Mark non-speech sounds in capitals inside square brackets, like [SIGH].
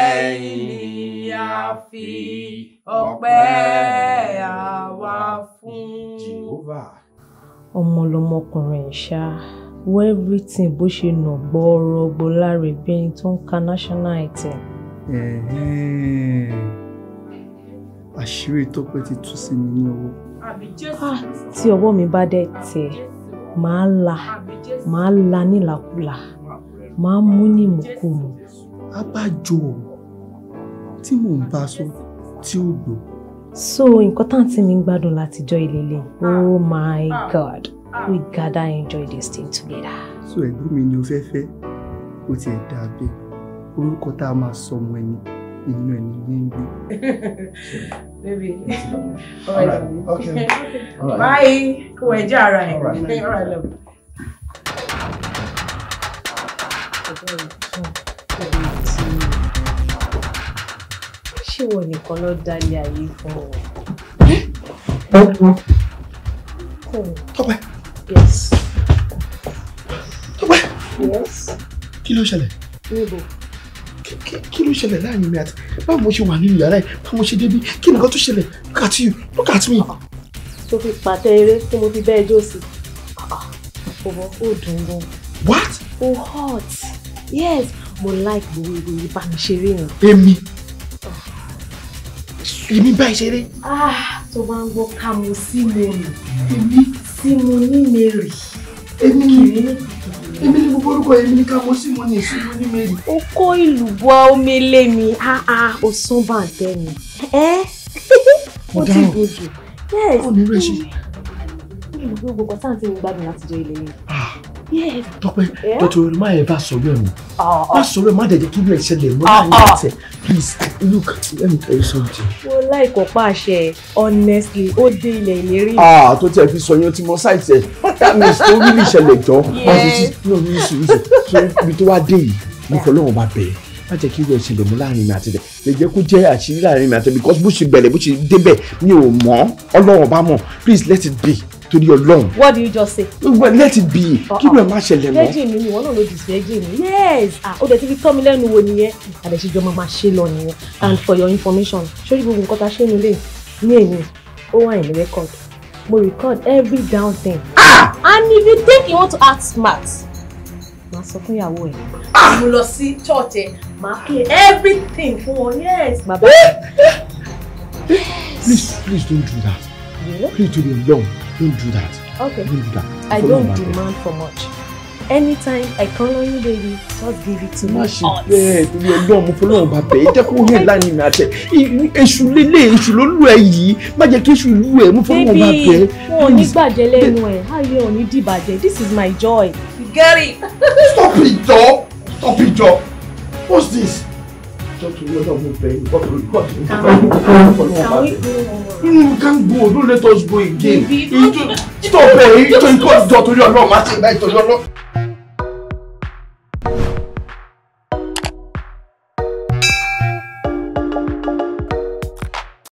ẹ̀yin ni a fi ọpẹ́ àwa fún. ọmọ lọmọkùnrin ṣá wo everything bó ṣe nà gbọ́ọ́rọ́ gbọ́láre bí ẹni tó ń ka national item. àṣírí tó pẹ́ ti tú sí mi ní owó. Ah, tí ọwọ́ mi bá dẹ̀ tẹ̀ màá la màá la nílàkulà màá mú ní mùkúmù abájọ ọ̀rọ̀ tí mò ń bá sọ tí ó gbọ́. so nǹkan táǹtí mi ń gbádùn látijọ́ ilé ilé oh my god we gather enjoy this thing together. so ẹ̀gbọ́n mi ni o fẹ́ fẹ́ ó ti ẹ̀ dà bẹ́ẹ̀ orúkọ tá a máa sọ ọmọ ẹni inú ẹni ní ń gbé. [LAUGHS] baby all right okay bye kò ẹjẹ ara ẹ all right love. Thank you ṣé wọn nìkan ló dálé ayé fún ọ. Tọ́pẹ́. Yes. Tọ́pẹ́. Yes. Kí ló ṣẹlẹ̀? Níbo? Kí ló ṣẹlẹ̀ láàrin mi àti báwo mo ṣe wà nínú yàrá yìí báwo mo ṣe débí kí nìkan tó ṣẹlẹ̀ look at you look at me. Tó fi pàtẹ eré tí mo fi bẹ́ẹ̀ jó sí. Ọ̀bọ̀ ó dùn gan. What? O hot. Yes, mo like gbogbo ìròyìn bá mi ṣeré yẹn. Èmi èmi báyìí ṣeré. Ah, tó bá ń gbọ́ ká mo sí mo rì èmi sí mo ní mary. èmi ni èmi ni gbogbo orúkọ èmi ni ká ah, ah, mo sí mo ní sí mo ní mary. ó kó ìlú bọ omi lé mi ó sún bàǹtẹ́ mi. O ti gbòjò. báwo ni irú ẹ ṣe. mi ò gbogbo nǹkan tá à ń gbádùn láti jẹ́ ilé yìí. Tọ́pẹ́ dọ́tọ̀ má ẹ bá sọ̀rọ̀ ẹ̀ mọ́ ah, ah. má sọ̀rọ̀ ẹ̀ má dẹ̀jẹ̀ kí bí ẹ ṣẹlẹ̀ mọ́ ah, láàrin ẹ̀tẹ̀ please look let me tell you something. mo láìkọ̀ pàṣẹ honestly ó dé ilẹ̀ ìlérí. tó tiẹ̀ fi sọ yẹn tí mo ṣàìsẹ̀ that means tó rí ìṣẹ̀lẹ̀ jọ wọ́n ti ti náà ní ìṣòro ìṣòro ibi tó wá dé yìí mo fọ́ lọ́wọ́ bá bẹ̀ẹ́ má jẹ́ kí irú ẹ̀ ṣẹlẹ̀ mú láàrin mi àti rẹ̀ lè jẹ́ kó jẹ́ àṣírí láàrin mi àti rẹ̀ because bó ṣe bẹ̀rẹ̀ bó ṣe débẹ̀ mi ò mọ̀ Ọlọ́run bá mọ̀ please let it be torí Ọlọ́run. what do you just say. well let it be kí ló ẹ má ṣẹlẹ̀ mọ́. virgin mi ni wọn náà ló dìsí virgin mi yes ah ó dẹ̀ ti fi tọ́ mi lẹ́nu wo nìyẹn àdẹ̀síjọ́ máa ma ṣe lọ nìyẹn and for your information sórí gbogbo nǹkan tá a ṣe nílé ní èyí ó wà ní record mo record every down thing. ah and if you think you want to act smart máa sọ fún ìyàwó ẹ. Ah! mo lọ sí church ẹ máa play everything fún wọn yes bàbá. please please don't do that. please do the alone. Don't do that. Okay. Don't do that. I don't demand for much. Anytime I call on you, baby, just give it to me. Má ṣe bẹ́ẹ̀ torí ọlọ́run mo fọlọ́run bá bẹ̀ ẹ́ jẹ́ kó hẹ̀ lánìí mi àtẹ. Èṣù lélẹ̀ èṣù ló lù ẹ́ yìí má jẹ́ kí èṣù lù ẹ́ mo fọlọ́run bá bẹ̀ ẹ́. Baby bad. ò ní gbàjẹ́ lẹ́nu ẹ̀ ayé ò bad. dìbàjẹ́ this is my joy. You get it. Stop it jọ Stop it jọ What's this? Talk to you, not move very God will God. Can we go? You can't go. Don't let us go again. Stop it. You can't go. Don't let us go.